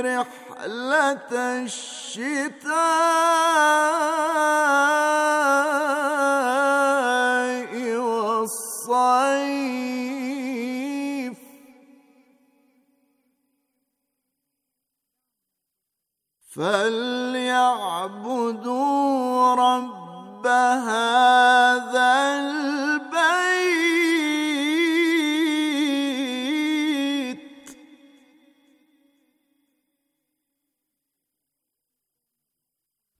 رحلة الشتاء والصيف فليعبدوا رب هذا البيت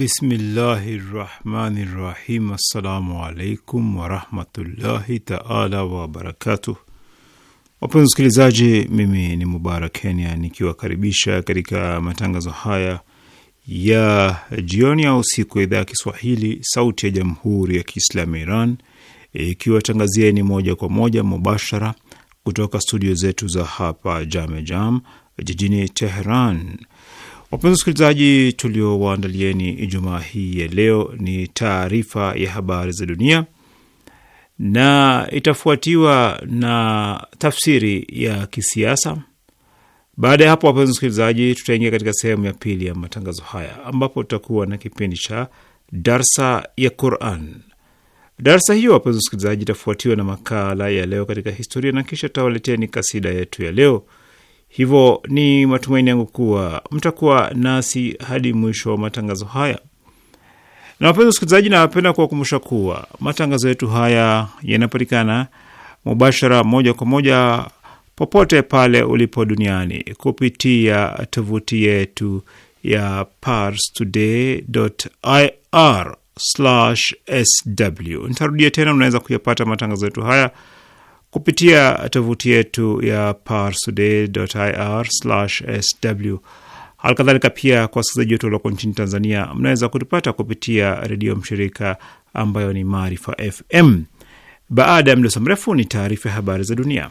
Bismillahi rahmani rahim. Assalamu alaikum warahmatullahi taala wabarakatuh. Wapenzi wasikilizaji, mimi ni Mubarak Kenya nikiwakaribisha katika matangazo haya ya jioni au usiku ya idhaa ya Kiswahili sauti ya jamhuri ya Kiislamu ya Iran ni moja kwa moja mubashara kutoka studio zetu za hapa Jamejam jijini Tehran. Wapenzi wasikilizaji, tuliowaandalieni Ijumaa hii ya leo ni taarifa ya habari za dunia na itafuatiwa na tafsiri ya kisiasa. Baada ya hapo, wapenzi wasikilizaji, tutaingia katika sehemu ya pili ya matangazo haya ambapo tutakuwa na kipindi cha darsa ya Quran. Darsa hiyo, wapenzi wasikilizaji, itafuatiwa na makala ya leo katika historia na kisha tutawaleteni kasida yetu ya leo Hivyo ni matumaini yangu kuwa mtakuwa nasi hadi mwisho wa matangazo haya. Na wapenzi wasikilizaji, napenda kuwakumbusha kuwa matangazo yetu haya yanapatikana mubashara, moja kwa moja, popote pale ulipo duniani kupitia tovuti yetu ya parstoday.ir/sw. Nitarudia tena, unaweza kuyapata matangazo yetu haya kupitia tovuti yetu ya parstoday.ir/sw. Halikadhalika pia kwa wasikilizaji wetu walioko nchini Tanzania, mnaweza kutupata kupitia redio mshirika ambayo ni Maarifa FM. Baada ya mdoso mrefu ni taarifa ya habari za dunia.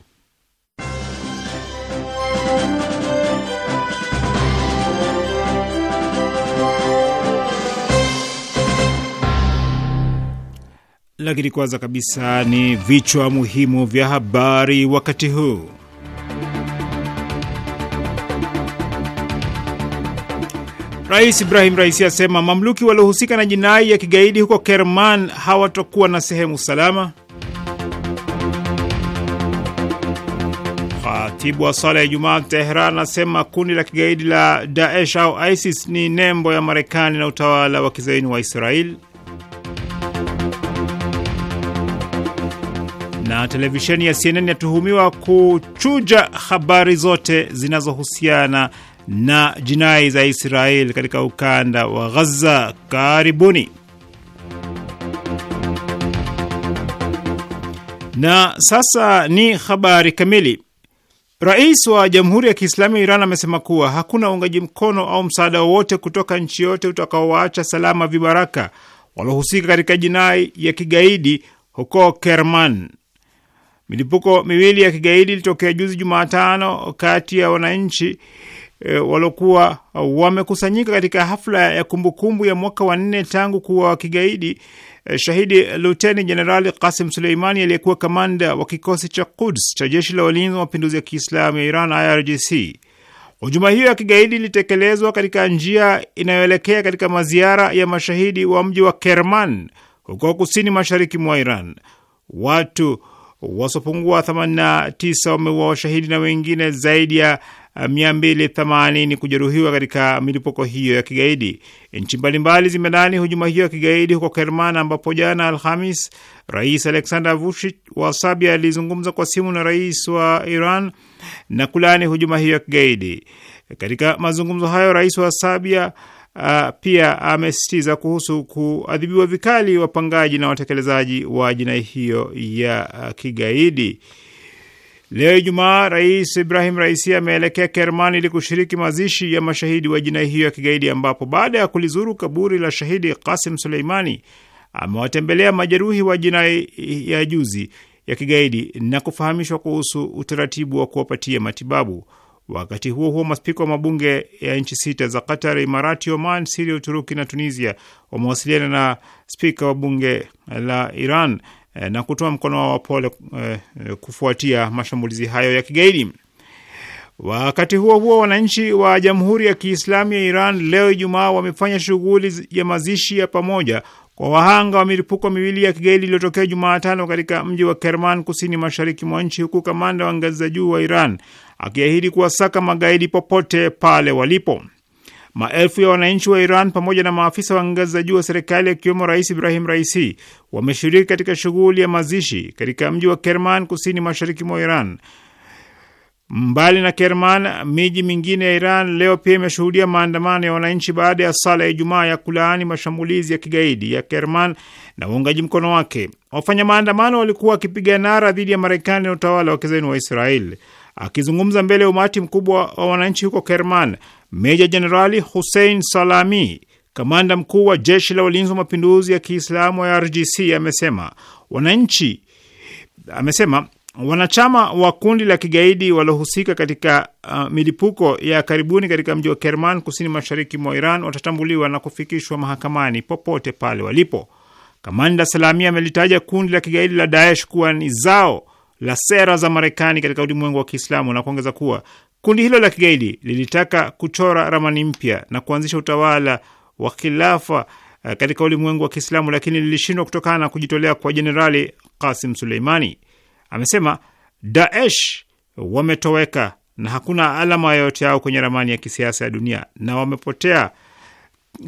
lakini kwanza kabisa ni vichwa muhimu vya habari wakati huu. Rais Ibrahim Raisi asema mamluki waliohusika na jinai ya kigaidi huko Kerman hawatokuwa na sehemu salama. Khatibu wa sala ya Jumaa Teheran anasema kundi la kigaidi la Daesh au ISIS ni nembo ya Marekani na utawala wa kizaini wa Israeli. na televisheni ya CNN yatuhumiwa kuchuja habari zote zinazohusiana na jinai za Israel katika ukanda wa Gaza. Karibuni. Na sasa ni habari kamili. Rais wa Jamhuri ya Kiislamu ya Iran amesema kuwa hakuna uungaji mkono au msaada wowote kutoka nchi yote utakaowaacha salama vibaraka waliohusika katika jinai ya kigaidi huko Kerman Milipuko miwili ya kigaidi ilitokea juzi Jumatano kati ya wananchi e, waliokuwa eh, wamekusanyika katika hafla ya kumbukumbu ya mwaka wa nne tangu kuwa wa kigaidi e, shahidi Luteni Jenerali qasim Suleimani aliyekuwa kamanda wa kikosi cha Quds cha jeshi la walinzi wa mapinduzi ya Kiislamu ya Iran IRGC. Hujuma hiyo ya kigaidi ilitekelezwa katika njia inayoelekea katika maziara ya mashahidi wa mji wa Kerman huko kusini mashariki mwa Iran. Watu wasiopungua 89 wameua washahidi na wengine zaidi ya 280 eh, kujeruhiwa katika milipuko hiyo ya kigaidi. Nchi mbalimbali zimelaani hujuma hiyo ya kigaidi huko Kerman, ambapo jana Alhamis Rais Alexander Vucic wa Serbia alizungumza kwa simu na rais wa Iran na kulaani hujuma hiyo ya kigaidi. Katika mazungumzo hayo, rais wa Serbia Uh, pia amesisitiza kuhusu kuadhibiwa vikali wapangaji na watekelezaji wa jinai hiyo ya uh, kigaidi. Leo Ijumaa, Rais Ibrahim Raisi ameelekea Kerman ili kushiriki mazishi ya mashahidi wa jinai hiyo ya kigaidi, ambapo baada ya kulizuru kaburi la shahidi Kasim Suleimani amewatembelea majeruhi wa jinai ya juzi ya kigaidi na kufahamishwa kuhusu utaratibu wa kuwapatia matibabu. Wakati huo huo, maspika wa mabunge ya nchi sita za Qatar, Imarati, Oman, Siria, Uturuki na Tunisia wamewasiliana na spika wa bunge la Iran eh, na kutoa mkono wao wa pole eh, kufuatia mashambulizi hayo ya kigaidi. Wakati huo huo, wananchi wa Jamhuri ya Kiislamu ya Iran leo Ijumaa wamefanya shughuli ya mazishi ya pamoja kwa wahanga wa milipuko miwili ya kigaidi iliyotokea Jumatano katika mji wa Kerman kusini mashariki mwa nchi, huku kamanda wa ngazi za juu wa Iran akiahidi kuwasaka magaidi popote pale walipo. Maelfu ya wananchi wa Iran pamoja na maafisa wa ngazi za juu wa serikali akiwemo Rais Ibrahim Raisi wameshiriki katika shughuli ya mazishi katika mji wa Kerman, kusini mashariki mwa Iran. Mbali na Kerman, miji mingine ya Iran leo pia imeshuhudia maandamano ya wananchi baada ya sala ya Ijumaa ya kulaani mashambulizi ya kigaidi ya Kerman na uungaji mkono wake. Wafanya maandamano walikuwa wakipiga nara dhidi ya Marekani na utawala wa kizayuni wa Israeli. Akizungumza mbele ya umati mkubwa wa wananchi huko Kerman, meja jenerali Hussein Salami, kamanda mkuu wa jeshi la ulinzi wa mapinduzi ya Kiislamu ya RGC, amesema wananchi, amesema wanachama wa kundi la kigaidi waliohusika katika uh, milipuko ya karibuni katika mji wa Kerman kusini mashariki mwa Iran watatambuliwa na kufikishwa mahakamani popote pale walipo. Kamanda Salami amelitaja kundi la kigaidi la Daesh kuwa ni zao la sera za Marekani katika ulimwengu wa Kiislamu na kuongeza kuwa kundi hilo la kigaidi lilitaka kuchora ramani mpya na kuanzisha utawala wa khilafa eh, katika ulimwengu wa Kiislamu, lakini lilishindwa kutokana na kujitolea kwa Jenerali Kasim Suleimani. Amesema Daesh wametoweka na hakuna alama yoyote yao kwenye ramani ya kisiasa ya dunia na wamepotea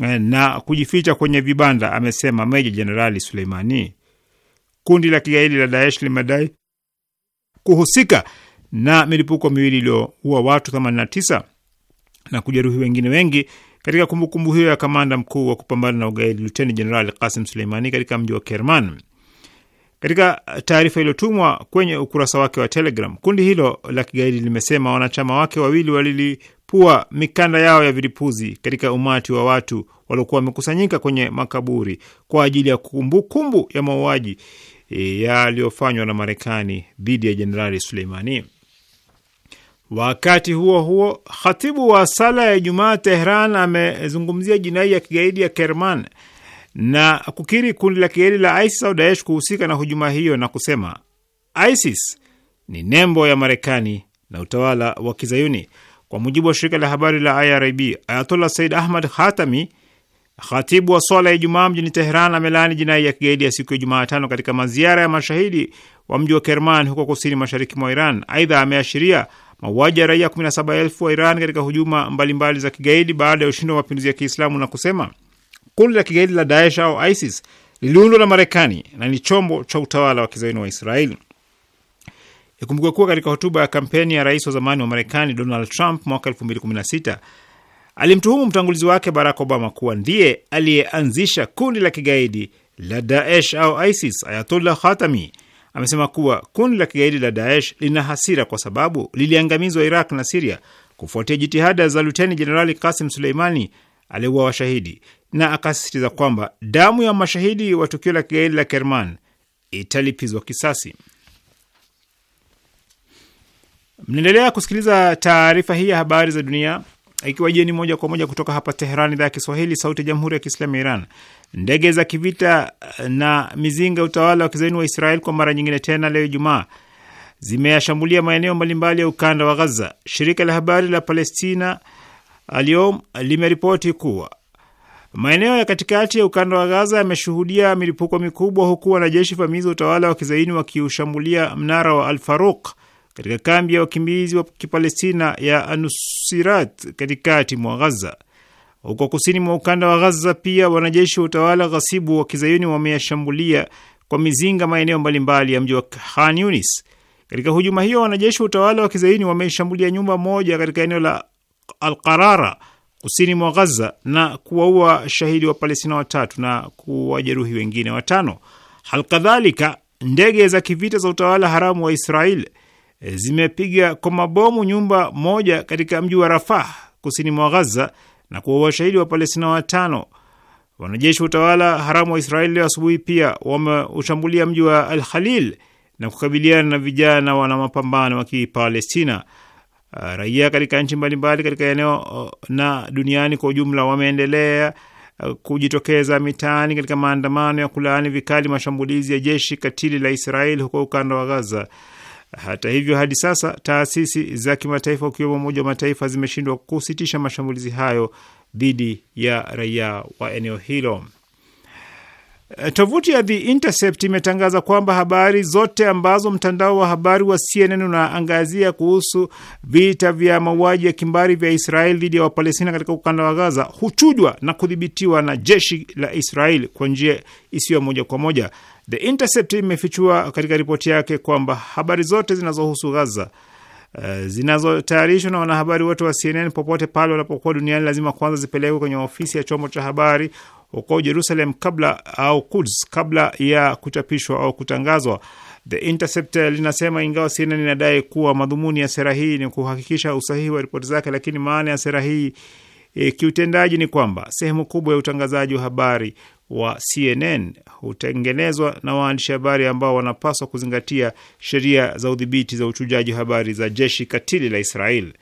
eh, na kujificha kwenye vibanda, amesema Meja Jenerali Suleimani. Kundi la kigaidi la Daesh limedai kuhusika na milipuko miwili iliyoua watu 89 na kujeruhi wengine wengi katika kumbukumbu hiyo ya kamanda mkuu wa kupambana na ugaidi Luteni Jenerali Kasim Suleimani katika mji wa Kerman. Katika taarifa iliyotumwa kwenye ukurasa wake wa Telegram, kundi hilo la kigaidi limesema wanachama wake wawili walilipua mikanda yao ya vilipuzi katika umati wa watu waliokuwa wamekusanyika kwenye makaburi kwa ajili ya kumbukumbu kumbu ya mauaji yaliyofanywa na Marekani dhidi ya Jenerali Suleimani. Wakati huo huo, khatibu wa sala ya jumaa Tehran amezungumzia jinai ya kigaidi ya Kerman na kukiri kundi la kigaidi la ISIS au Daesh kuhusika na hujuma hiyo na kusema ISIS ni nembo ya Marekani na utawala wa Kizayuni. Kwa mujibu wa shirika la habari la IRIB, Ayatollah Said Ahmad Khatami Khatibu wa swala ya Ijumaa mjini Teheran amelaani jinai ya kigaidi ya siku ya Jumatano katika maziara ya mashahidi wa mji wa Kerman huko kusini mashariki mwa Iran. Aidha, ameashiria mauaji ya raia 17,000 wa Iran katika hujuma mbalimbali mbali za kigaidi baada ya ushindi wa mapinduzi ya Kiislamu na kusema kundi la kigaidi la Daesh au ISIS liliundwa na Marekani na ni chombo cha utawala wa kizayuni wa Israeli. Ikumbukwe kuwa katika hotuba ya kampeni ya rais wa zamani wa Marekani Donald Trump mwaka alimtuhumu mtangulizi wake Barack Obama kuwa ndiye aliyeanzisha kundi la kigaidi la Daesh au ISIS. Ayatullah Khatami amesema kuwa kundi la kigaidi la Daesh lina hasira kwa sababu liliangamizwa Iraq na Siria kufuatia jitihada za Luteni Jenerali Kasim Suleimani aliuwa washahidi, na akasisitiza kwamba damu ya mashahidi wa tukio la kigaidi la Kerman italipizwa kisasi. Mnaendelea kusikiliza taarifa hii ya habari za dunia ikiwa jieni moja kwa moja kutoka hapa Teheran, idhaa ya Kiswahili, sauti ya jamhuri ya kiislamu ya Iran. Ndege za kivita eh, na mizinga utawala wa kizaini wa Israel kwa mara nyingine tena leo Ijumaa zimeyashambulia maeneo mbalimbali ya ukanda wa Gaza. Shirika la habari la Palestina al limeripoti kuwa maeneo ya katikati ya ukanda wa Gaza yameshuhudia milipuko mikubwa, huku wanajeshi vamizi wa utawala wa kizaini wakiushambulia mnara wa Al-Faruq katika kambi ya wakimbizi wa Kipalestina ya Anusirat katikati mwa Ghaza. Huko kusini mwa ukanda wa Ghaza pia wanajeshi wa utawala ghasibu wa kizayuni wameyashambulia kwa mizinga maeneo mbalimbali ya mji wa Khan Yunis. Katika hujuma hiyo, wanajeshi wa utawala wa kizayuni wameishambulia nyumba moja katika eneo la Alqarara kusini mwa Ghaza na kuwaua shahidi wa Palestina watatu na kuwajeruhi wengine watano. Halkadhalika, ndege za kivita za utawala haramu wa Israeli E, zimepiga kwa mabomu nyumba moja katika mji wa Rafah kusini mwa Gaza na kuwa washahidi wa Palestina watano. Wanajeshi wa utawala haramu wa Israeli leo asubuhi pia wameushambulia mji wa Al Khalil na kukabiliana na vijana wana mapambano wa Kipalestina. E, raia katika nchi mbalimbali katika eneo na duniani kwa ujumla wameendelea e, kujitokeza mitaani katika maandamano ya kulaani vikali mashambulizi ya jeshi katili la Israeli huko ukanda wa Gaza. Hata hivyo, hadi sasa taasisi za kimataifa ukiwemo Umoja wa Mataifa zimeshindwa kusitisha mashambulizi hayo dhidi ya raia wa eneo hilo. Eh, tovuti ya The Intercept imetangaza kwamba habari zote ambazo mtandao wa habari wa CNN unaangazia kuhusu vita vya mauaji ya kimbari vya Israeli dhidi ya Wapalestina katika ukanda wa Gaza huchujwa na kudhibitiwa na jeshi la Israeli kwa njia isiyo moja kwa moja. The Intercept imefichua katika ripoti yake kwamba habari zote zinazohusu Gaza Uh, zinazotayarishwa na wanahabari wote wa CNN popote pale wanapokuwa duniani lazima kwanza zipelekwe kwenye ofisi ya chombo cha habari huko Jerusalem kabla au Quds kabla ya kuchapishwa au kutangazwa. The Intercept linasema ingawa CNN inadai kuwa madhumuni ya sera hii ni kuhakikisha usahihi wa ripoti zake, lakini maana ya sera hii e, kiutendaji ni kwamba sehemu kubwa ya utangazaji wa habari wa CNN hutengenezwa na waandishi habari ambao wanapaswa kuzingatia sheria za udhibiti za uchujaji habari za jeshi katili la Israel.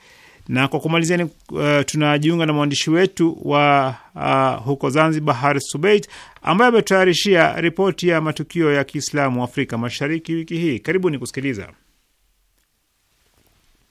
Na kwa kumalizia uh, tunajiunga na mwandishi wetu wa uh, huko Zanzibar, Haris Subeit ambaye ametayarishia ripoti ya matukio ya Kiislamu Afrika Mashariki wiki hii. Karibuni kusikiliza.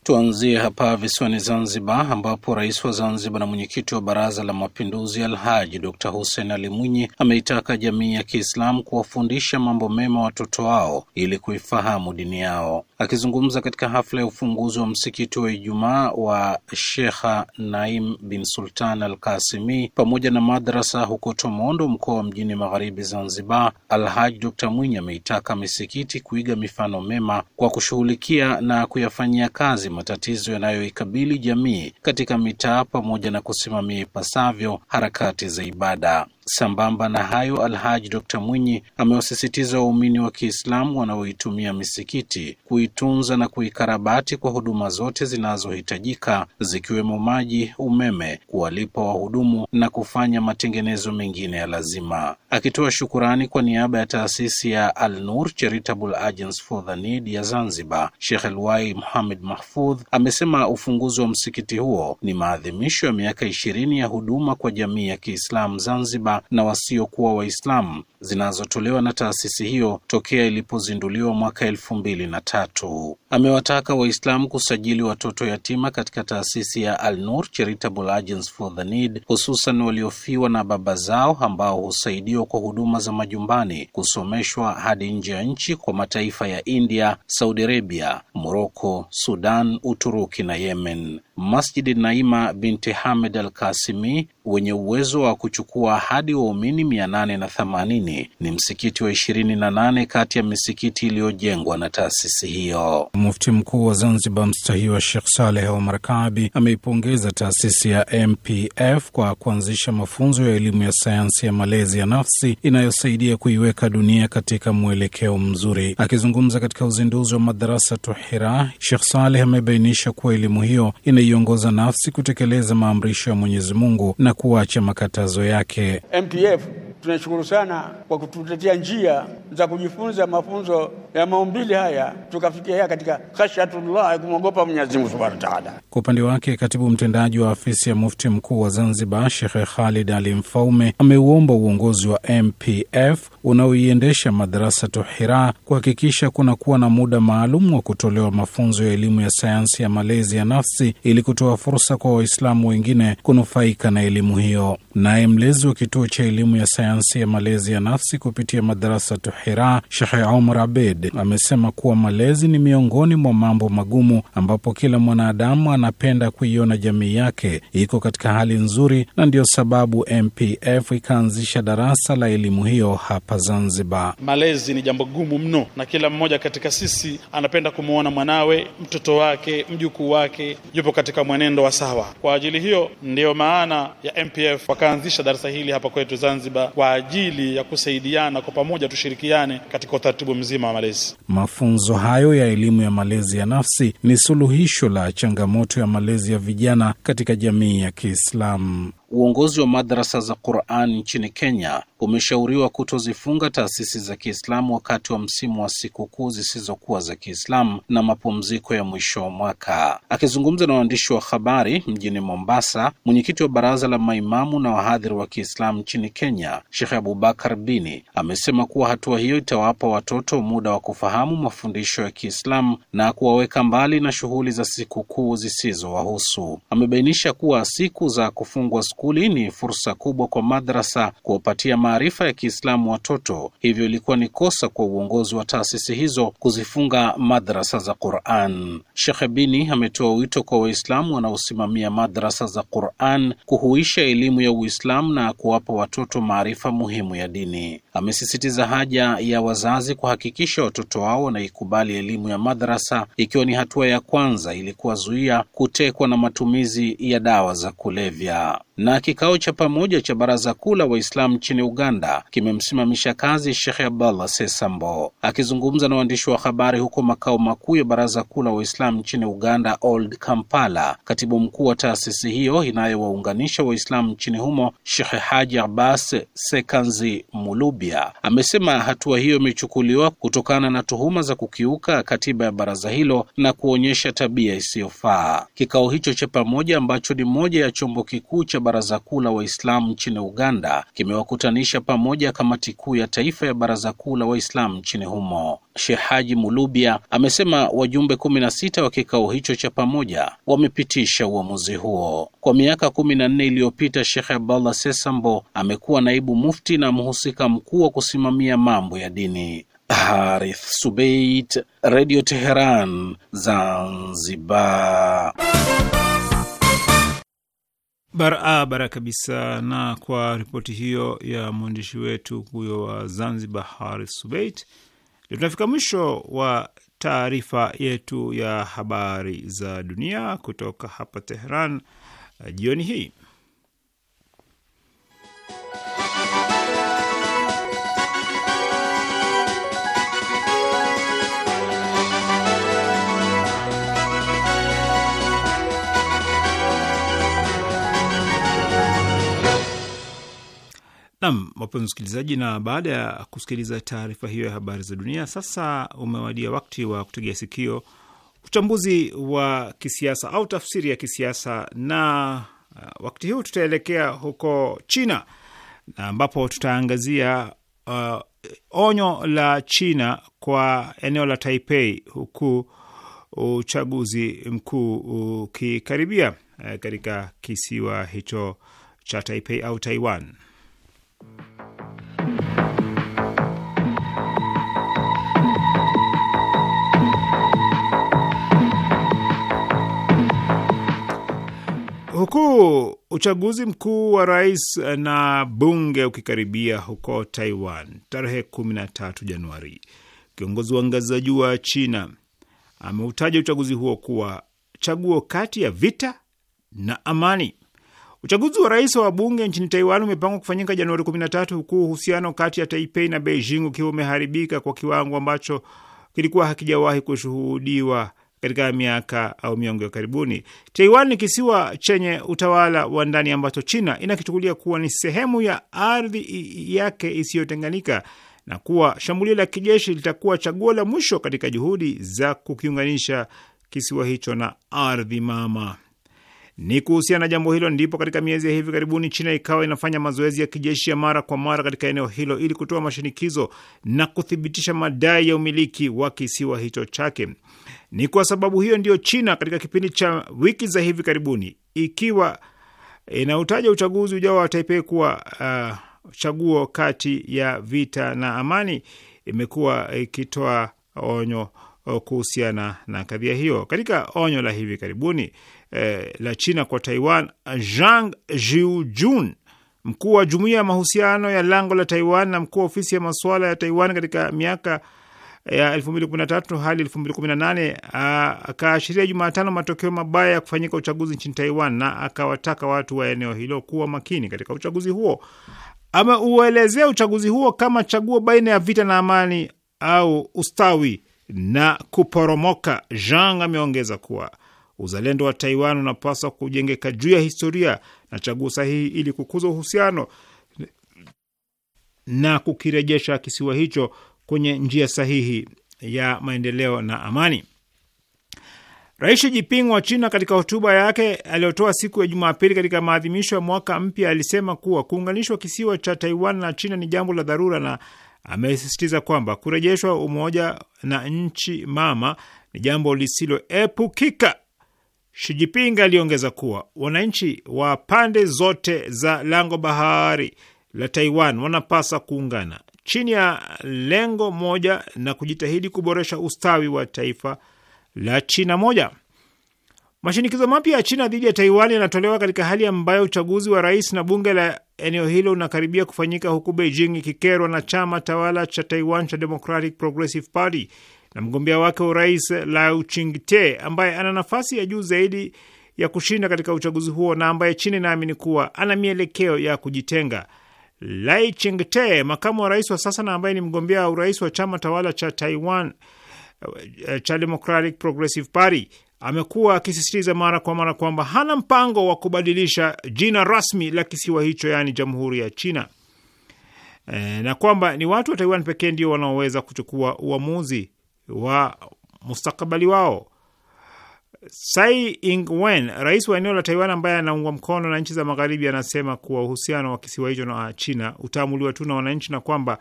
Tuanzie hapa visiwani Zanzibar, ambapo rais wa Zanzibar na mwenyekiti wa Baraza la Mapinduzi Alhaji d Hussein Ali Mwinyi ameitaka jamii ya Kiislamu kuwafundisha mambo mema watoto wao ili kuifahamu dini yao. Akizungumza katika hafla ya ufunguzi wa msikiti wa Ijumaa wa Shekha Naim bin Sultan Al Kasimi pamoja na madrasa huko Tomondo, mkoa wa Mjini Magharibi Zanzibar, Alhaji d Mwinyi ameitaka misikiti kuiga mifano mema kwa kushughulikia na kuyafanyia kazi wazi matatizo yanayoikabili jamii katika mitaa pamoja na kusimamia ipasavyo harakati za ibada. Sambamba na hayo, Alhaji d Mwinyi amewasisitiza waumini wa Kiislamu wanaoitumia misikiti kuitunza na kuikarabati kwa huduma zote zinazohitajika zikiwemo maji, umeme, kuwalipa wahudumu na kufanya matengenezo mengine ya lazima. Akitoa shukurani kwa niaba ya taasisi ya Al Nur Charitable Agency for the Need ya Zanzibar, Sheikh Elwai Muhamed Mahfudh amesema ufunguzi wa msikiti huo ni maadhimisho ya miaka ishirini ya huduma kwa jamii ya Kiislamu Zanzibar na wasiokuwa Waislamu zinazotolewa na taasisi hiyo tokea ilipozinduliwa mwaka elfu mbili na tatu. Amewataka Waislamu kusajili watoto yatima katika taasisi ya Al-Nur Charitable Agency for the Need, hususan waliofiwa na baba zao ambao husaidiwa kwa huduma za majumbani, kusomeshwa hadi nje ya nchi kwa mataifa ya India, Saudi Arabia, Moroko, Sudan, Uturuki na Yemen masjidi Naima binti Hamed Al Kasimi wenye uwezo wa kuchukua hadi waumini mia nane na themanini ni msikiti wa ishirini na nane kati ya misikiti iliyojengwa na taasisi hiyo. Mufti mkuu wa Zanzibar mstahiwa shekh Saleh Omar kabi ameipongeza taasisi ya MPF kwa kuanzisha mafunzo ya elimu ya sayansi ya malezi ya nafsi inayosaidia kuiweka dunia katika mwelekeo mzuri. Akizungumza katika uzinduzi wa madarasa Tuhira, Shekh Saleh amebainisha kuwa elimu hiyo ina kuiongoza nafsi kutekeleza maamrisho ya Mwenyezi Mungu na kuacha makatazo yake. MTF Tunashukuru sana kwa kututetea njia za kujifunza mafunzo ya maumbili haya tukafikia haya katika khashatullah kumwogopa Mwenyezi Mungu Subhanahu wa Ta'ala. Kwa upande wake, katibu mtendaji wa afisi ya mufti mkuu wa Zanzibar Sheikh Khalid Ali Mfaume ameuomba uongozi wa MPF unaoiendesha madarasa tohira kuhakikisha kunakuwa na muda maalum wa kutolewa mafunzo ya elimu ya sayansi ya malezi ya nafsi ili kutoa fursa kwa Waislamu wengine kunufaika na elimu hiyo. Naye mlezi wa kituo cha elimu ya sayansi sayansi ya malezi ya nafsi kupitia madarasa Tuhira, Shehe Omar Abed amesema kuwa malezi ni miongoni mwa mambo magumu, ambapo kila mwanadamu anapenda kuiona jamii yake iko katika hali nzuri, na ndiyo sababu MPF ikaanzisha darasa la elimu hiyo hapa Zanzibar. Malezi ni jambo gumu mno, na kila mmoja katika sisi anapenda kumwona mwanawe, mtoto wake, mjukuu wake yupo katika mwenendo wa sawa. Kwa ajili hiyo ndiyo maana ya MPF wakaanzisha darasa hili hapa kwetu Zanzibar kwa ajili ya kusaidiana kwa pamoja, tushirikiane katika utaratibu mzima wa malezi. Mafunzo hayo ya elimu ya malezi ya nafsi ni suluhisho la changamoto ya malezi ya vijana katika jamii ya Kiislamu. Uongozi wa madrasa za Quran nchini Kenya umeshauriwa kutozifunga taasisi za Kiislamu wakati wa msimu wa sikukuu zisizokuwa za Kiislamu na mapumziko ya mwisho wa mwaka. Akizungumza na waandishi wa habari mjini Mombasa, mwenyekiti wa baraza la maimamu na wahadhiri wa Kiislamu nchini Kenya, Shekh Abubakar Bini, amesema kuwa hatua hiyo itawapa watoto muda wa kufahamu mafundisho ya Kiislamu na kuwaweka mbali na shughuli za sikukuu zisizowahusu. Amebainisha kuwa siku za kufungwa skuli ni fursa kubwa kwa madrasa kuwapatia maarifa ya Kiislamu watoto, hivyo ilikuwa ni kosa kwa uongozi wa taasisi hizo kuzifunga madrasa za Quran. Shekhe Bini ametoa wito kwa Waislamu wanaosimamia madrasa za Quran kuhuisha elimu ya Uislamu na kuwapa watoto maarifa muhimu ya dini. Amesisitiza haja ya wazazi kuhakikisha watoto wao wanaikubali elimu ya madrasa ikiwa ni hatua ya kwanza ili kuwazuia kutekwa na matumizi ya dawa za kulevya. Na kikao cha pamoja cha Baraza Kuu la Waislamu nchini Uganda kimemsimamisha kazi Shekhe Abdallah Sesambo. Akizungumza na waandishi wa habari huko makao makuu ya Baraza Kuu la Waislamu nchini Uganda, Old Kampala, katibu mkuu wa taasisi hiyo inayowaunganisha Waislamu nchini humo, Shekhe Haji Abbas Sekanzi Mulub Libya. Amesema hatua hiyo imechukuliwa kutokana na tuhuma za kukiuka katiba ya baraza hilo na kuonyesha tabia isiyofaa. Kikao hicho cha pamoja ambacho ni moja ya chombo kikuu cha baraza kuu la Waislamu nchini Uganda kimewakutanisha pamoja kamati kuu ya taifa ya baraza kuu la Waislamu nchini humo. Shehaji Mulubia amesema wajumbe kumi na sita wa kikao hicho cha pamoja wamepitisha uamuzi huo. Kwa miaka kumi na nne iliyopita, Shekhe Abdallah Sesambo amekuwa naibu mufti na mhusika mkuu wa kusimamia mambo ya dini. Harith subeit Radio Teheran, Zanzibar. Barabara kabisa. Na kwa ripoti hiyo ya mwandishi wetu huyo wa Zanzibar, Harith Subeit, Tunafika mwisho wa taarifa yetu ya habari za dunia kutoka hapa teheran eh, jioni hii. Nam, wapenzi msikilizaji, na baada ya kusikiliza taarifa hiyo ya habari za dunia, sasa umewadia wakati wa kutegea sikio uchambuzi wa kisiasa au tafsiri ya kisiasa, na uh, wakati huu tutaelekea huko China ambapo tutaangazia uh, onyo la China kwa eneo la Taipei huku uchaguzi mkuu ukikaribia eh, katika kisiwa hicho cha Taipei au Taiwan. Huku uchaguzi mkuu wa rais na bunge ukikaribia huko Taiwan tarehe 13 Januari, kiongozi wa ngazi za juu wa China ameutaja uchaguzi huo kuwa chaguo kati ya vita na amani. Uchaguzi wa rais wa bunge nchini Taiwan umepangwa kufanyika Januari 13 huku uhusiano kati ya Taipei na Beijing ukiwa umeharibika kwa kiwango ambacho kilikuwa hakijawahi kushuhudiwa katika miaka au miongo ya karibuni. Taiwan ni kisiwa chenye utawala wa ndani ambacho China inakichukulia kuwa ni sehemu ya ardhi yake isiyotenganika na kuwa shambulio la kijeshi litakuwa chaguo la mwisho katika juhudi za kukiunganisha kisiwa hicho na ardhi mama ni kuhusiana na jambo hilo ndipo katika miezi ya hivi karibuni China ikawa inafanya mazoezi ya kijeshi ya mara kwa mara katika eneo hilo ili kutoa mashinikizo na kuthibitisha madai ya umiliki wa kisiwa hicho chake. Ni kwa sababu hiyo ndiyo China katika kipindi cha wiki za hivi karibuni, ikiwa inautaja uchaguzi ujao wa Taipei kuwa uh, chaguo kati ya vita na amani, imekuwa ikitoa onyo uh, kuhusiana na kadhia hiyo. Katika onyo la hivi karibuni Eh, la China kwa Taiwan, Zhang Jiujun, mkuu wa jumuiya ya mahusiano ya lango la Taiwan na mkuu wa ofisi ya masuala ya Taiwan katika miaka eh, ya 2013 hadi 2018, ah, akaashiria Jumatano matokeo mabaya ya kufanyika uchaguzi nchini Taiwan na akawataka watu wa eneo hilo kuwa makini katika uchaguzi huo. Ameuelezea uchaguzi huo kama chaguo baina ya vita na amani au ustawi na kuporomoka. Zhang ameongeza kuwa Uzalendo wa Taiwan unapaswa kujengeka juu ya historia na chaguo sahihi ili kukuza uhusiano na kukirejesha kisiwa hicho kwenye njia sahihi ya maendeleo na amani. Rais Xi Jinping wa China katika hotuba yake aliyotoa siku ya Jumapili katika maadhimisho ya mwaka mpya alisema kuwa kuunganishwa kisiwa cha Taiwan na China ni jambo la dharura, na amesisitiza kwamba kurejeshwa umoja na nchi mama ni jambo lisiloepukika. Shijipinga aliongeza kuwa wananchi wa pande zote za lango bahari la Taiwan wanapasa kuungana chini ya lengo moja na kujitahidi kuboresha ustawi wa taifa la China moja. Mashinikizo mapya ya China dhidi ya Taiwan yanatolewa katika hali ambayo uchaguzi wa rais na bunge la eneo hilo unakaribia kufanyika huku Beijing ikikerwa na chama tawala cha Taiwan cha Democratic Progressive Party na mgombea wake wa urais Ching-te ambaye ana nafasi ya juu zaidi ya kushinda katika uchaguzi huo na ambaye China inaamini kuwa ana mielekeo ya kujitenga. Lai Ching-te, makamu wa rais wa sasa na ambaye ni mgombea wa urais wa chama tawala cha Taiwan eh, cha Democratic Progressive Party amekuwa akisisitiza mara kwa mara kwamba hana mpango wa kubadilisha jina rasmi la kisiwa hicho, yaani Jamhuri ya China, e, na kwamba ni watu wa Taiwan pekee ndio wanaoweza kuchukua uamuzi wa mustakabali wao. Tsai Ing-wen, rais wa eneo la Taiwan ambaye anaungwa mkono na nchi za Magharibi, anasema kuwa uhusiano wa kisiwa hicho na China utaamuliwa tu na wananchi na kwamba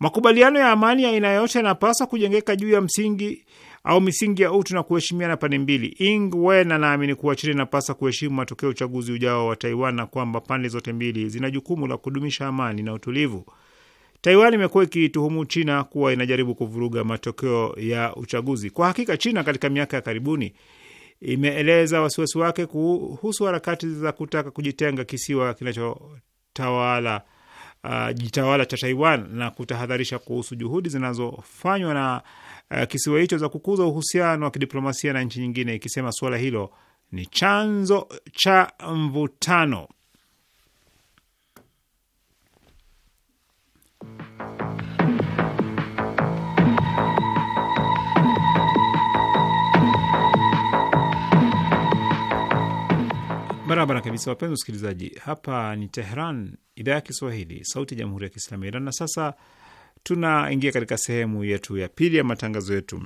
makubaliano ya amani ya aina yote yanapaswa kujengeka juu ya msingi au misingi ya utu na kuheshimiana pande mbili. Ing-wen anaamini kuwa China inapaswa kuheshimu matokeo ya uchaguzi ujao wa Taiwan na kwamba pande zote mbili zina jukumu la kudumisha amani na utulivu. Taiwan imekuwa ikituhumu China kuwa inajaribu kuvuruga matokeo ya uchaguzi. Kwa hakika, China katika miaka ya karibuni imeeleza wasiwasi wake kuhusu harakati za kutaka kujitenga kisiwa kinachotawala uh, jitawala cha Taiwan na kutahadharisha kuhusu juhudi zinazofanywa na uh, kisiwa hicho za kukuza uhusiano wa kidiplomasia na nchi nyingine, ikisema suala hilo ni chanzo cha mvutano. Barabara kabisa, wapenzi wasikilizaji, hapa ni Tehran, idhaa ya Kiswahili, sauti ya jamhuri ya kiislamu ya Iran. Na sasa tunaingia katika sehemu yetu ya pili ya matangazo yetu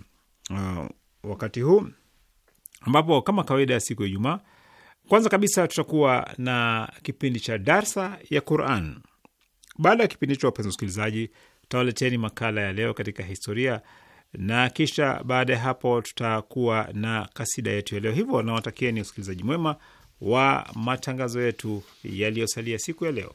uh, wakati huu ambapo kama kawaida ya siku ya Ijumaa, kwanza kabisa tutakuwa na kipindi cha darsa ya Quran. Baada ya kipindi hicho, wapenzi wasikilizaji, tutawaleteni makala ya leo katika historia na kisha baada ya hapo tutakuwa na kasida yetu ya leo. Hivyo nawatakieni usikilizaji mwema wa matangazo yetu yaliyosalia siku ya leo.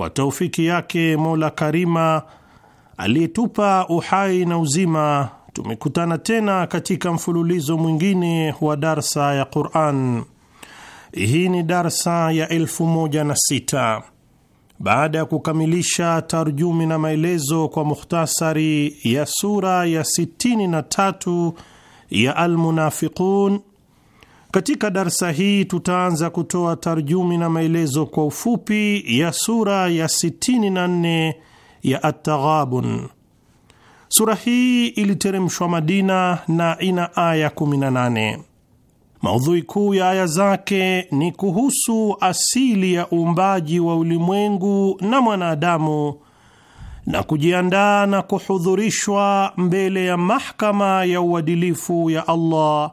kwa taufiki yake Mola Karima aliyetupa uhai na uzima, tumekutana tena katika mfululizo mwingine wa darsa ya Quran. Hii ni darsa ya elfu moja na sita baada ya kukamilisha tarjumi na maelezo kwa mukhtasari ya sura ya 63 ya Almunafiqun. Katika darsa hii tutaanza kutoa tarjumi na maelezo kwa ufupi ya sura ya 64 ya At-Taghabun. Sura hii iliteremshwa Madina na ina aya 18. Maudhui kuu ya aya zake ni kuhusu asili ya uumbaji wa ulimwengu na mwanadamu na kujiandaa na kuhudhurishwa mbele ya mahkama ya uadilifu ya Allah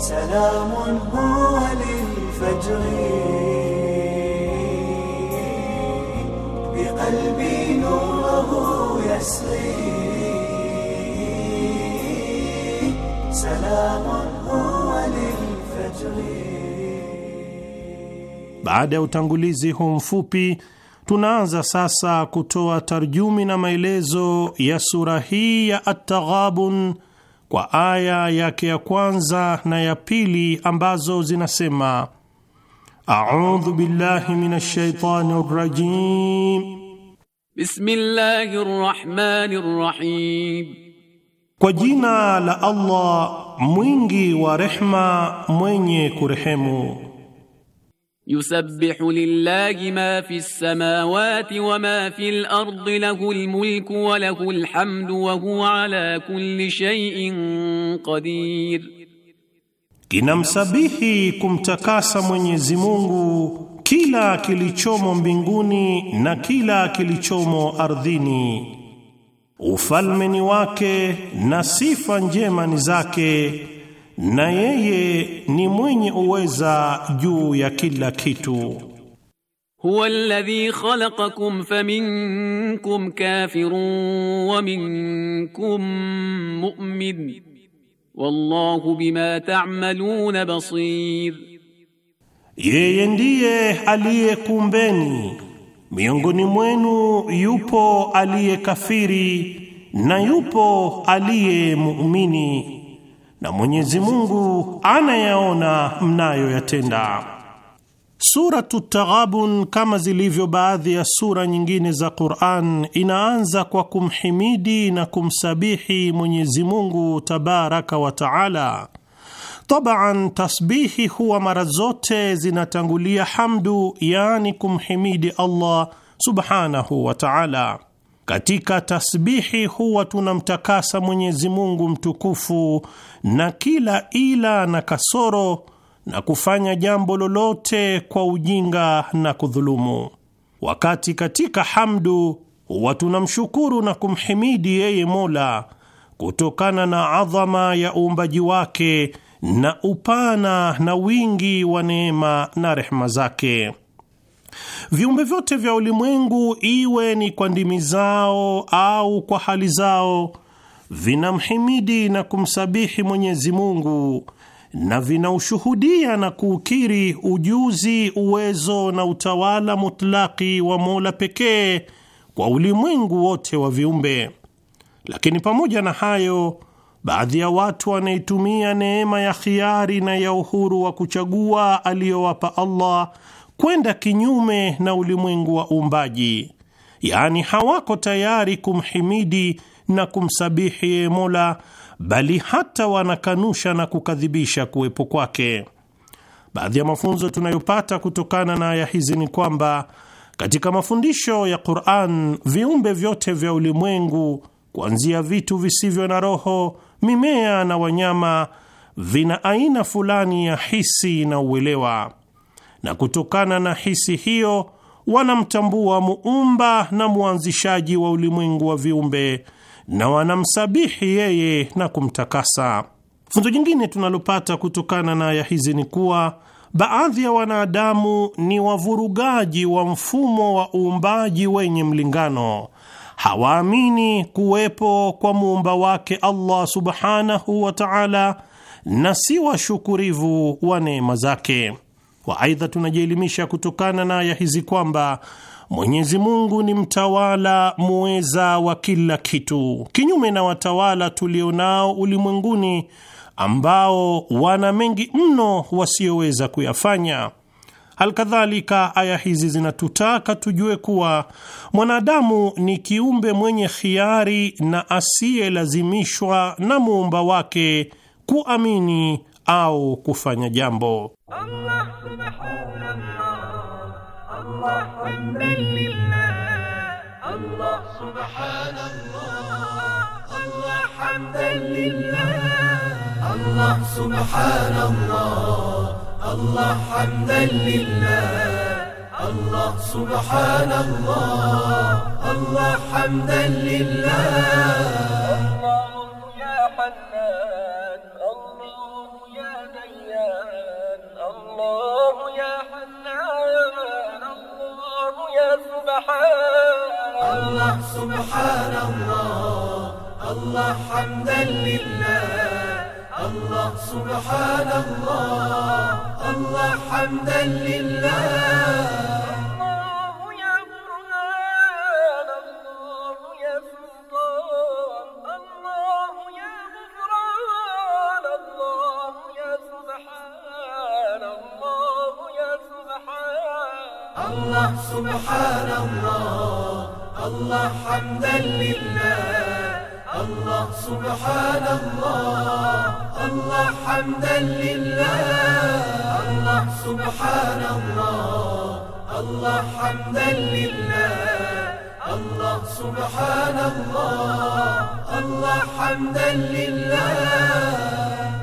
سلام هو للفجر بقلبي نوره يسري سلام هو للفجر. Baada ya utangulizi huu mfupi, tunaanza sasa kutoa tarjumi na maelezo ya sura hii ya at kwa aya yake ya kwanza na ya pili ambazo zinasema: audhu billahi minash shaitani rajim, bismillahir rahmanir rahim, kwa jina la Allah mwingi wa rehma mwenye kurehemu. يسبح لله ما في السماوات وما في الارض له الملك وله الحمد وهو على كل شيء قدير kinamsabihi kumtakasa Mwenyezi Mungu kila kilichomo mbinguni na kila kilichomo ardhini ufalme ni wake na sifa njema ni zake na yeye ni mwenye uweza juu ya kila kitu. Huwa alladhi khalaqakum faminkum kafirun wa minkum mu'min wallahu bima ta'maluna basir, yeye ndiye aliyekumbeni miongoni mwenu, yupo aliye kafiri na yupo aliye muumini na Mwenyezi Mungu anayaona mnayoyatenda. Suratu Taghabun, kama zilivyo baadhi ya sura nyingine za Qur'an, inaanza kwa kumhimidi na kumsabihi Mwenyezi Mungu tabaraka wa taala. Tabaan, tasbihi huwa mara zote zinatangulia hamdu, yani kumhimidi Allah subhanahu wa taala. Katika tasbihi huwa tunamtakasa Mwenyezi Mungu mtukufu na kila ila na kasoro na kufanya jambo lolote kwa ujinga na kudhulumu, wakati katika hamdu huwa tunamshukuru na kumhimidi yeye Mola kutokana na adhama ya uumbaji wake na upana na wingi wa neema na rehema zake. Viumbe vyote vya ulimwengu, iwe ni kwa ndimi zao au kwa hali zao vinamhimidi na kumsabihi Mwenyezi Mungu na vinaushuhudia na kuukiri ujuzi, uwezo na utawala mutlaki wa Mola pekee kwa ulimwengu wote wa viumbe. Lakini pamoja na hayo, baadhi ya watu wanaitumia neema ya khiari na ya uhuru wa kuchagua aliyowapa Allah kwenda kinyume na ulimwengu wa uumbaji, yaani hawako tayari kumhimidi na kumsabihi yeye Mola, bali hata wanakanusha na kukadhibisha kuwepo kwake. Baadhi ya mafunzo tunayopata kutokana na aya hizi ni kwamba katika mafundisho ya Qur'an, viumbe vyote vya ulimwengu kuanzia vitu visivyo na roho, mimea na wanyama, vina aina fulani ya hisi na uelewa, na kutokana na hisi hiyo wanamtambua muumba na mwanzishaji wa ulimwengu wa viumbe na wanamsabihi yeye na kumtakasa. Funzo jingine tunalopata kutokana na aya hizi ni kuwa baadhi ya wanadamu ni wavurugaji wa mfumo wa uumbaji wenye mlingano, hawaamini kuwepo kwa muumba wake Allah subhanahu wa ta'ala, na si washukurivu wa neema zake. Waaidha, tunajielimisha kutokana na aya hizi kwamba Mwenyezi Mungu ni mtawala muweza wa kila kitu, kinyume na watawala tulionao ulimwenguni ambao wana mengi mno wasiyoweza kuyafanya. Alkadhalika, aya hizi zinatutaka tujue kuwa mwanadamu ni kiumbe mwenye khiari na asiyelazimishwa na muumba wake kuamini au kufanya jambo Allah, الله حمدا لله الله سبحان الله الله حمدا لله الله سبحان الله الله حمدا لله الله سبحان الله الله حمدا لله سبحان الله سبحان الله الله حمدا لله الله سبحان الله الله حمدا لله الله سبحان الله الله حمدا لله الله سبحان الله الله حمدا لله الله سبحان الله الله حمدا لله الله سبحان الله الله حمدا لله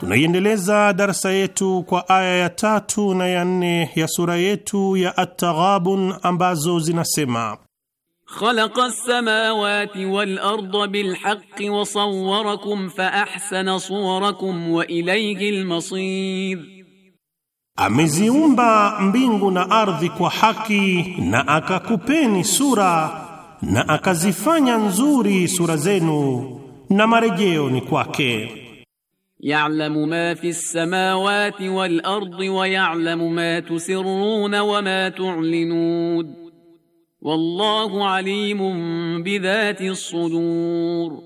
Tunaiendeleza darsa yetu kwa aya ya tatu na ya nne ya sura yetu ya At-Taghabun ambazo zinasema: khalaqa as-samawati wal-ardha bil-haqqi wa sawwarakum fa ahsana suwarakum wa ilayhi al-masir, ameziumba mbingu na ardhi kwa haki na akakupeni sura na akazifanya nzuri sura zenu na marejeo ni kwake. يعلم ما في السماوات والارض ويعلم ما تسرون وما تعلنون والله عليم بذات الصدور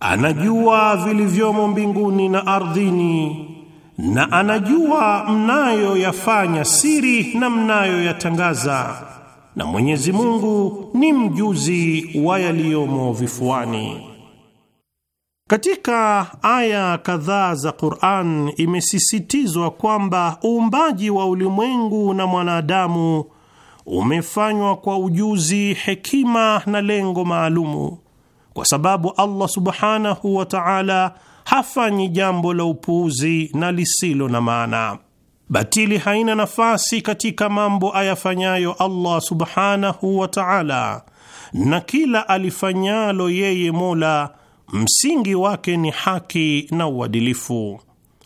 anajua vilivyomo mbinguni na ardhini na anajua mnayoyafanya siri na mnayoyatangaza na Mwenyezi Mungu ni mjuzi wa yaliyomo vifuani Katika aya kadhaa za Qur'an imesisitizwa kwamba uumbaji wa ulimwengu na mwanadamu umefanywa kwa ujuzi, hekima na lengo maalumu, kwa sababu Allah Subhanahu wa Ta'ala hafanyi jambo la upuuzi na lisilo na maana. Batili haina nafasi katika mambo ayafanyayo Allah Subhanahu wa Ta'ala, na kila alifanyalo yeye Mola msingi wake ni haki na uadilifu.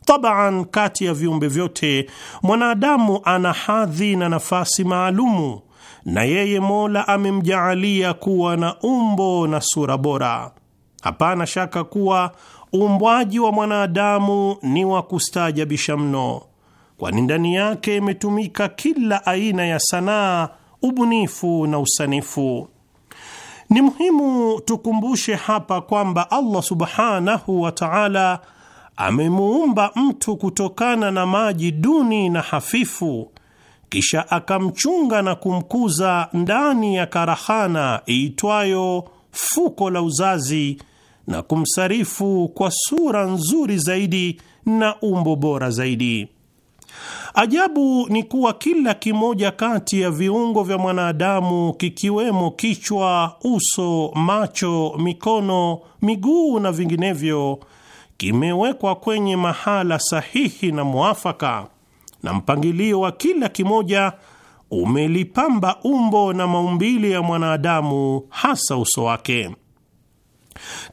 Tabaan, kati ya viumbe vyote mwanadamu ana hadhi na nafasi maalumu, na yeye Mola amemjaalia kuwa na umbo na sura bora. Hapana shaka kuwa uumbwaji wa mwanadamu ni wa kustaajabisha mno, kwani ndani yake imetumika kila aina ya sanaa, ubunifu na usanifu ni muhimu tukumbushe hapa kwamba Allah subhanahu wa ta'ala amemuumba mtu kutokana na maji duni na hafifu, kisha akamchunga na kumkuza ndani ya karahana iitwayo fuko la uzazi na kumsarifu kwa sura nzuri zaidi na umbo bora zaidi. Ajabu ni kuwa kila kimoja kati ya viungo vya mwanadamu kikiwemo kichwa, uso, macho, mikono, miguu na vinginevyo kimewekwa kwenye mahala sahihi na mwafaka, na mpangilio wa kila kimoja umelipamba umbo na maumbili ya mwanadamu, hasa uso wake,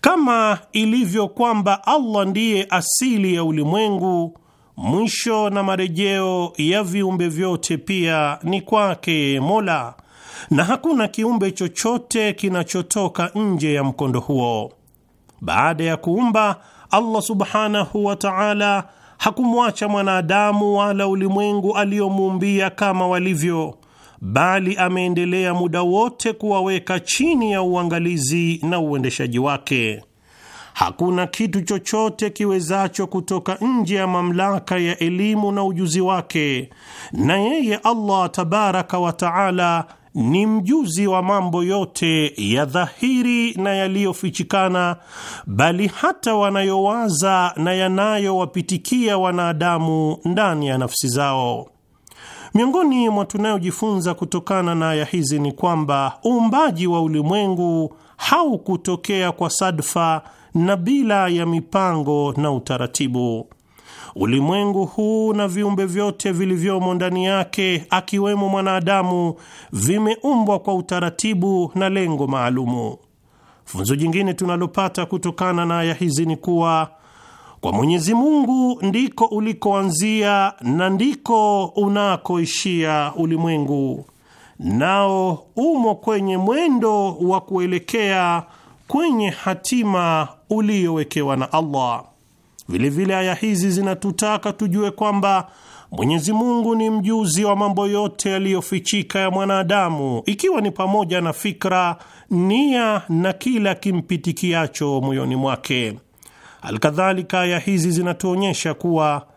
kama ilivyo kwamba Allah ndiye asili ya ulimwengu mwisho na marejeo ya viumbe vyote pia ni kwake Mola, na hakuna kiumbe chochote kinachotoka nje ya mkondo huo. Baada ya kuumba, Allah subhanahu wa ta'ala hakumwacha mwanadamu wala ulimwengu aliyomuumbia kama walivyo, bali ameendelea muda wote kuwaweka chini ya uangalizi na uendeshaji wake. Hakuna kitu chochote kiwezacho kutoka nje ya mamlaka ya elimu na ujuzi wake, na yeye Allah tabaraka wa taala ni mjuzi wa mambo yote ya dhahiri na yaliyofichikana, bali hata wanayowaza na yanayowapitikia wanadamu ndani ya nafsi zao. Miongoni mwa tunayojifunza kutokana na aya hizi ni kwamba uumbaji wa ulimwengu haukutokea kwa sadfa na bila ya mipango na utaratibu. Ulimwengu huu na viumbe vyote vilivyomo ndani yake, akiwemo mwanadamu, vimeumbwa kwa utaratibu na lengo maalumu. Funzo jingine tunalopata kutokana na aya hizi ni kuwa kwa Mwenyezi Mungu ndiko ulikoanzia na ndiko unakoishia ulimwengu, nao umo kwenye mwendo wa kuelekea kwenye hatima uliyowekewa na Allah. Vilevile aya hizi zinatutaka tujue kwamba Mwenyezi Mungu ni mjuzi wa mambo yote yaliyofichika ya mwanadamu, ikiwa ni pamoja na fikra, nia na kila kimpitikiacho moyoni mwake. Alkadhalika, aya hizi zinatuonyesha kuwa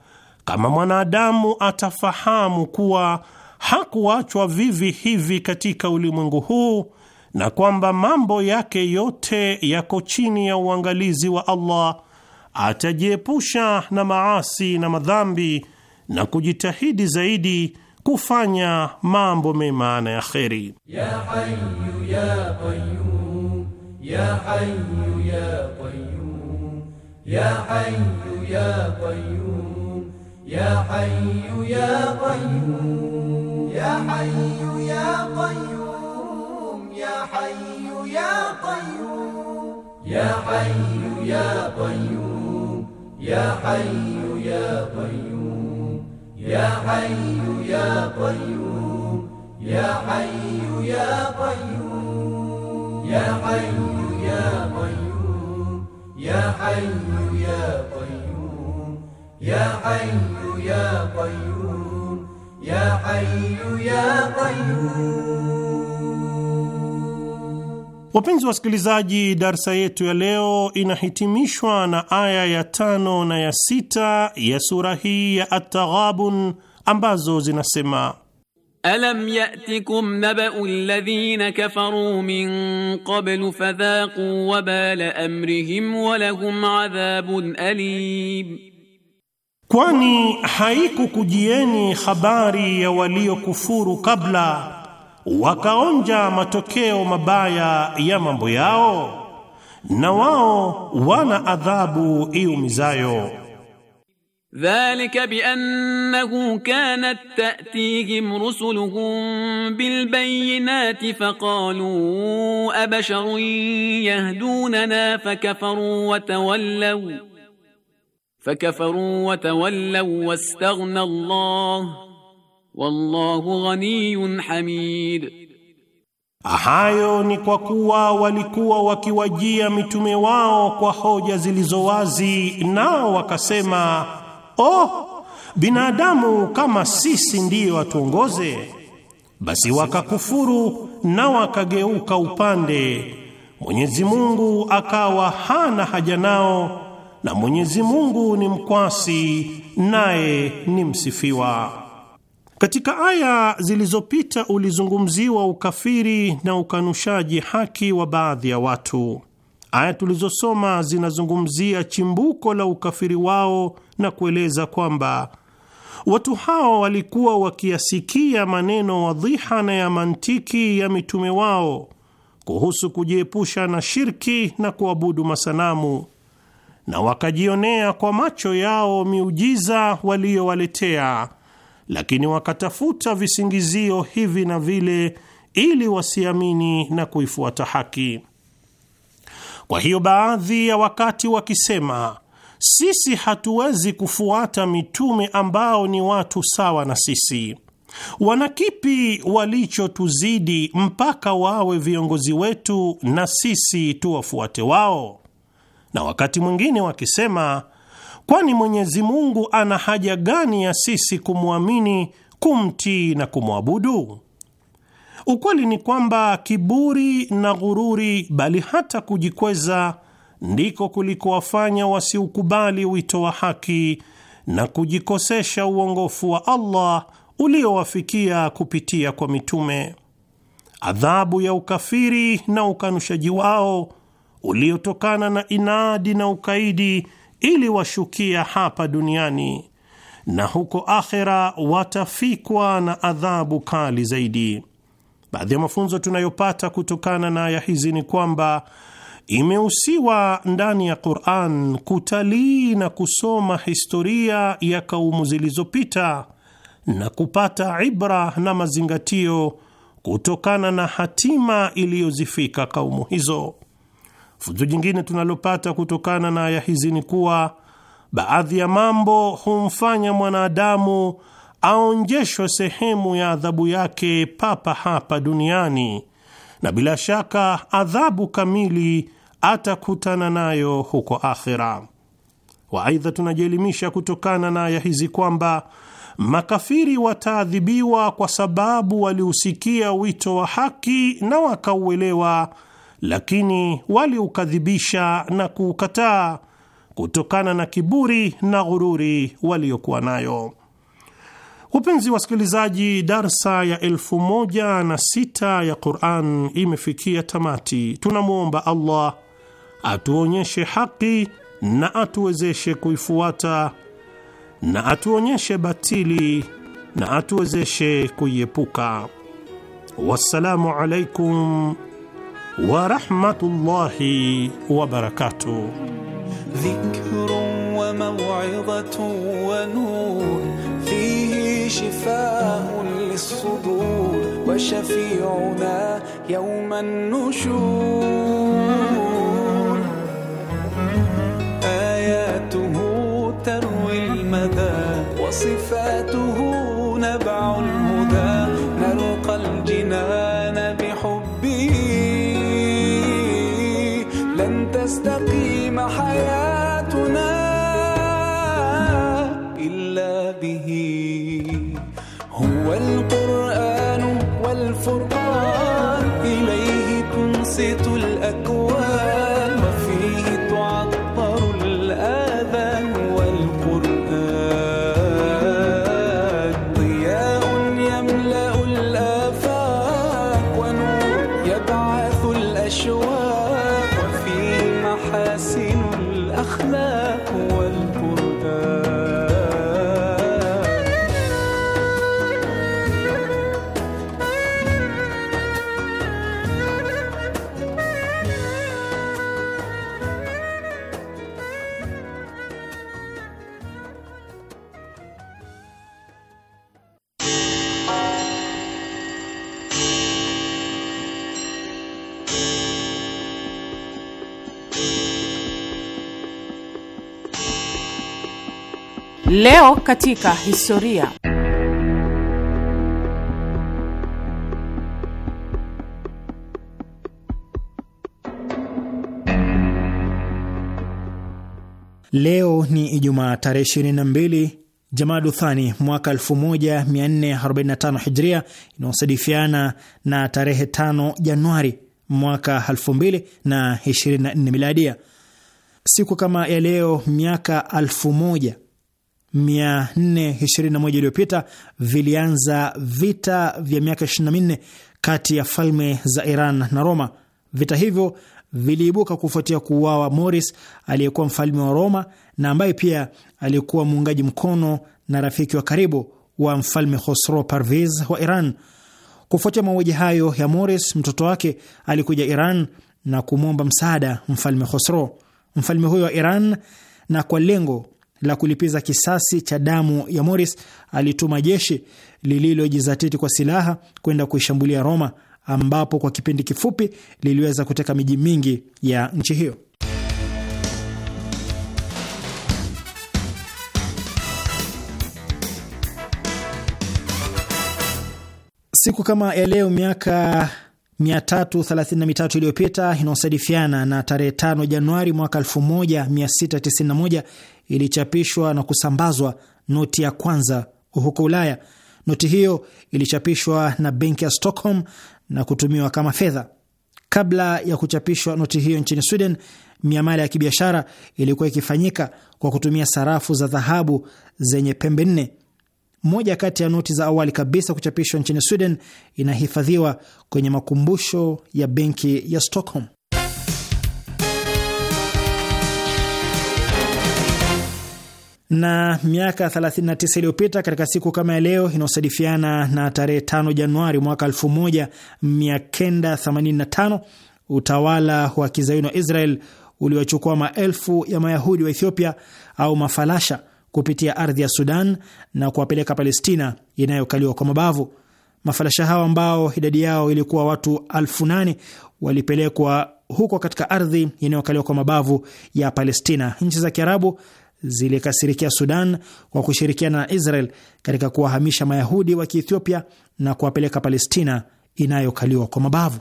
kama mwanadamu atafahamu kuwa hakuachwa vivi hivi katika ulimwengu huu na kwamba mambo yake yote yako chini ya uangalizi wa Allah, atajiepusha na maasi na madhambi na kujitahidi zaidi kufanya mambo mema na ya kheri. Ya Hayyu ya Qayyum, ya Hayyu ya Qayyum, ya Hayyu ya Qayyum, ya Hayyu ya Qayyum, ya Hayyu ya Qayyum يا حي يا قيوم يا حي يا قيوم يا حي يا قيوم يا حي يا قيوم يا حي يا قيوم يا حي يا قيوم يا حي يا قيوم يا حي يا قيوم يا حي يا قيوم Wapenzi wasikilizaji, darsa yetu ya leo inahitimishwa na aya ya tano na ya sita ya sura hii ya Ataghabun ambazo zinasema Alam yatikum nabau alladhina kafaru min qablu fadhaqu wabala amrihim walahum adhabun alim, kwani haikukujieni habari ya waliokufuru kabla wakaonja matokeo mabaya ya mambo yao, na wao wana adhabu iumizayo. ذلك بأنه كانت تأتيهم رسلهم بالبينات فقالوا أبشر يهدوننا فكفروا وتولوا فكفروا وتولوا واستغنى الله wallahu ghaniyun hamid. Hayo ni kwa kuwa walikuwa wakiwajia mitume wao kwa hoja zilizo wazi, nao wakasema, oh, binadamu kama sisi ndiyo atuongoze. Basi wakakufuru na wakageuka upande, Mwenyezi Mungu akawa hana haja nao, na Mwenyezi Mungu ni mkwasi, naye ni msifiwa. Katika aya zilizopita ulizungumziwa ukafiri na ukanushaji haki wa baadhi ya watu. Aya tulizosoma zinazungumzia chimbuko la ukafiri wao na kueleza kwamba watu hao walikuwa wakiyasikia maneno wadhiha na ya mantiki ya mitume wao kuhusu kujiepusha na shirki na kuabudu masanamu na wakajionea kwa macho yao miujiza waliyowaletea lakini wakatafuta visingizio hivi na vile ili wasiamini na kuifuata haki. Kwa hiyo baadhi ya wakati wakisema sisi hatuwezi kufuata mitume ambao ni watu sawa na sisi, wana kipi walichotuzidi mpaka wawe viongozi wetu na sisi tuwafuate wao? Na wakati mwingine wakisema Kwani Mwenyezi Mungu ana haja gani ya sisi kumwamini, kumtii na kumwabudu? Ukweli ni kwamba kiburi na ghururi, bali hata kujikweza, ndiko kulikowafanya wasiukubali wito wa haki na kujikosesha uongofu wa Allah uliowafikia kupitia kwa mitume. Adhabu ya ukafiri na ukanushaji wao uliotokana na inadi na ukaidi iliwashukia hapa duniani na huko akhera watafikwa na adhabu kali zaidi. Baadhi ya mafunzo tunayopata kutokana na aya hizi ni kwamba imehusiwa ndani ya Qur'an kutalii na kusoma historia ya kaumu zilizopita na kupata ibra na mazingatio kutokana na hatima iliyozifika kaumu hizo. Funzo jingine tunalopata kutokana na aya hizi ni kuwa baadhi ya mambo humfanya mwanadamu aonjeshwe sehemu ya adhabu yake papa hapa duniani, na bila shaka adhabu kamili atakutana nayo huko akhira. Waaidha, tunajielimisha kutokana na aya hizi kwamba makafiri wataadhibiwa kwa sababu waliusikia wito wa haki na wakauelewa lakini waliukadhibisha na kuukataa kutokana na kiburi na ghururi waliokuwa nayo. Wapenzi wasikilizaji, darsa ya elfu moja na sita ya Quran imefikia tamati. Tunamwomba Allah atuonyeshe haki na atuwezeshe kuifuata na atuonyeshe batili na atuwezeshe kuiepuka. Wassalamu alaikum ورحمة الله وبركاته ذكر وموعظة ونور فيه شفاء للصدور وشفيعنا يوم النشور آياته تروي المدى وصفاته نبع الهدى Leo katika historia. Leo ni Ijumaa tarehe 22 Jamadu Thani mwaka 1445 Hijria, inayosadifiana na tarehe 5 Januari mwaka 2024 Miladia. Siku kama ya leo miaka 1000 421 iliyopita vilianza vita vya miaka 24 kati ya falme za Iran na Roma. Vita hivyo viliibuka kufuatia kuuawa Moris aliyekuwa mfalme wa Roma na ambaye pia alikuwa muungaji mkono na rafiki wa karibu wa mfalme hosro parvis wa Iran. Kufuatia mauaji hayo ya Moris, mtoto wake alikuja Iran na kumwomba msaada mfalme hosro Mfalme huyo wa Iran na kwa lengo la kulipiza kisasi cha damu ya Morris alituma jeshi lililojizatiti kwa silaha kwenda kuishambulia Roma, ambapo kwa kipindi kifupi liliweza kuteka miji mingi ya nchi hiyo. Siku kama ya leo miaka 333 iliyopita inayosadifiana na tarehe 5 Januari mwaka 1691 ilichapishwa na kusambazwa noti ya kwanza huko Ulaya. Noti hiyo ilichapishwa na benki ya Stockholm na kutumiwa kama fedha. Kabla ya kuchapishwa noti hiyo nchini Sweden, miamala ya kibiashara ilikuwa ikifanyika kwa kutumia sarafu za dhahabu zenye pembe nne. Moja kati ya noti za awali kabisa kuchapishwa nchini Sweden inahifadhiwa kwenye makumbusho ya benki ya Stockholm. na miaka 39 iliyopita katika siku kama ya leo inayosadifiana na tarehe 5 Januari mwaka 1985 utawala wa kizayuni wa Israel uliwachukua maelfu ya Mayahudi wa Ethiopia au mafalasha kupitia ardhi ya Sudan na kuwapeleka Palestina inayokaliwa kwa mabavu. Mafalasha hao ambao idadi yao ilikuwa watu elfu nane walipelekwa huko katika ardhi inayokaliwa kwa mabavu ya Palestina. Nchi za Kiarabu zilikasirikia Sudan kwa kushirikiana na Israel katika kuwahamisha Mayahudi wa Kiethiopia na kuwapeleka Palestina inayokaliwa kwa mabavu.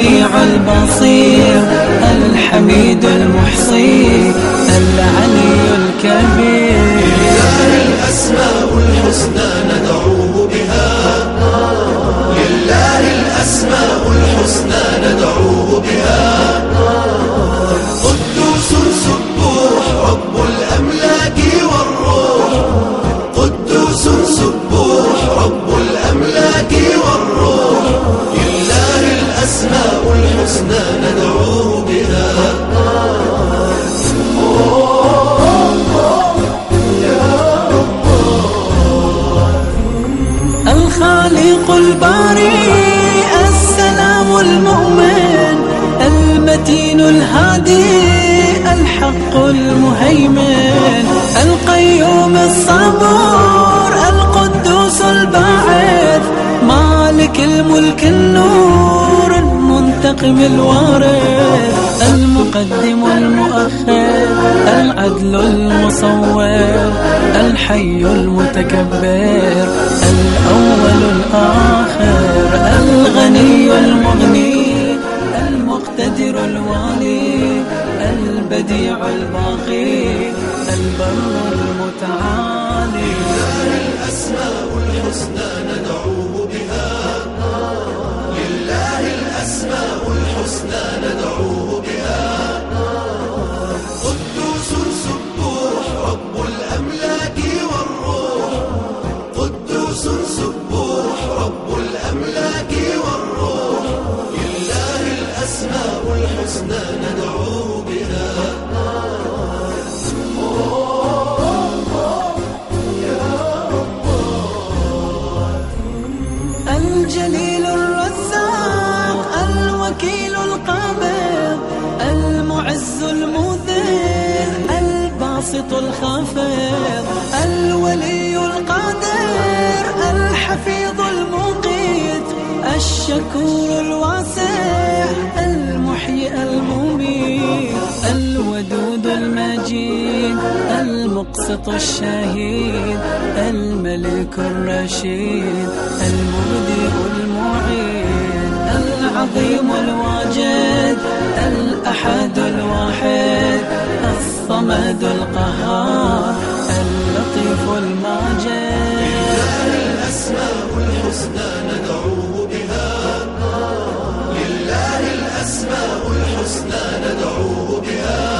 السميع البصير الحميد المحصي العلي الكبير الهادي الحق المهيمن القيوم الصبور القدوس الباعث مالك الملك النور المنتقم الوارث المقدم المؤخر العدل المصور الحي المتكبر الأول الآخر الغني المغني البدر الوالي البديع الباقي البر المتعالي لها الأسماء الحسنى ندعوه بها لله الأسماء الحسنى ندعوه بها الحسنى ندعو بها الواسط الشهيد الملك الرشيد المبدئ المعين العظيم الواجد الأحد الواحد الصمد القهار اللطيف الماجد لله الأسماء الحسنى ندعوه بها لله الأسماء الحسنى ندعوه بها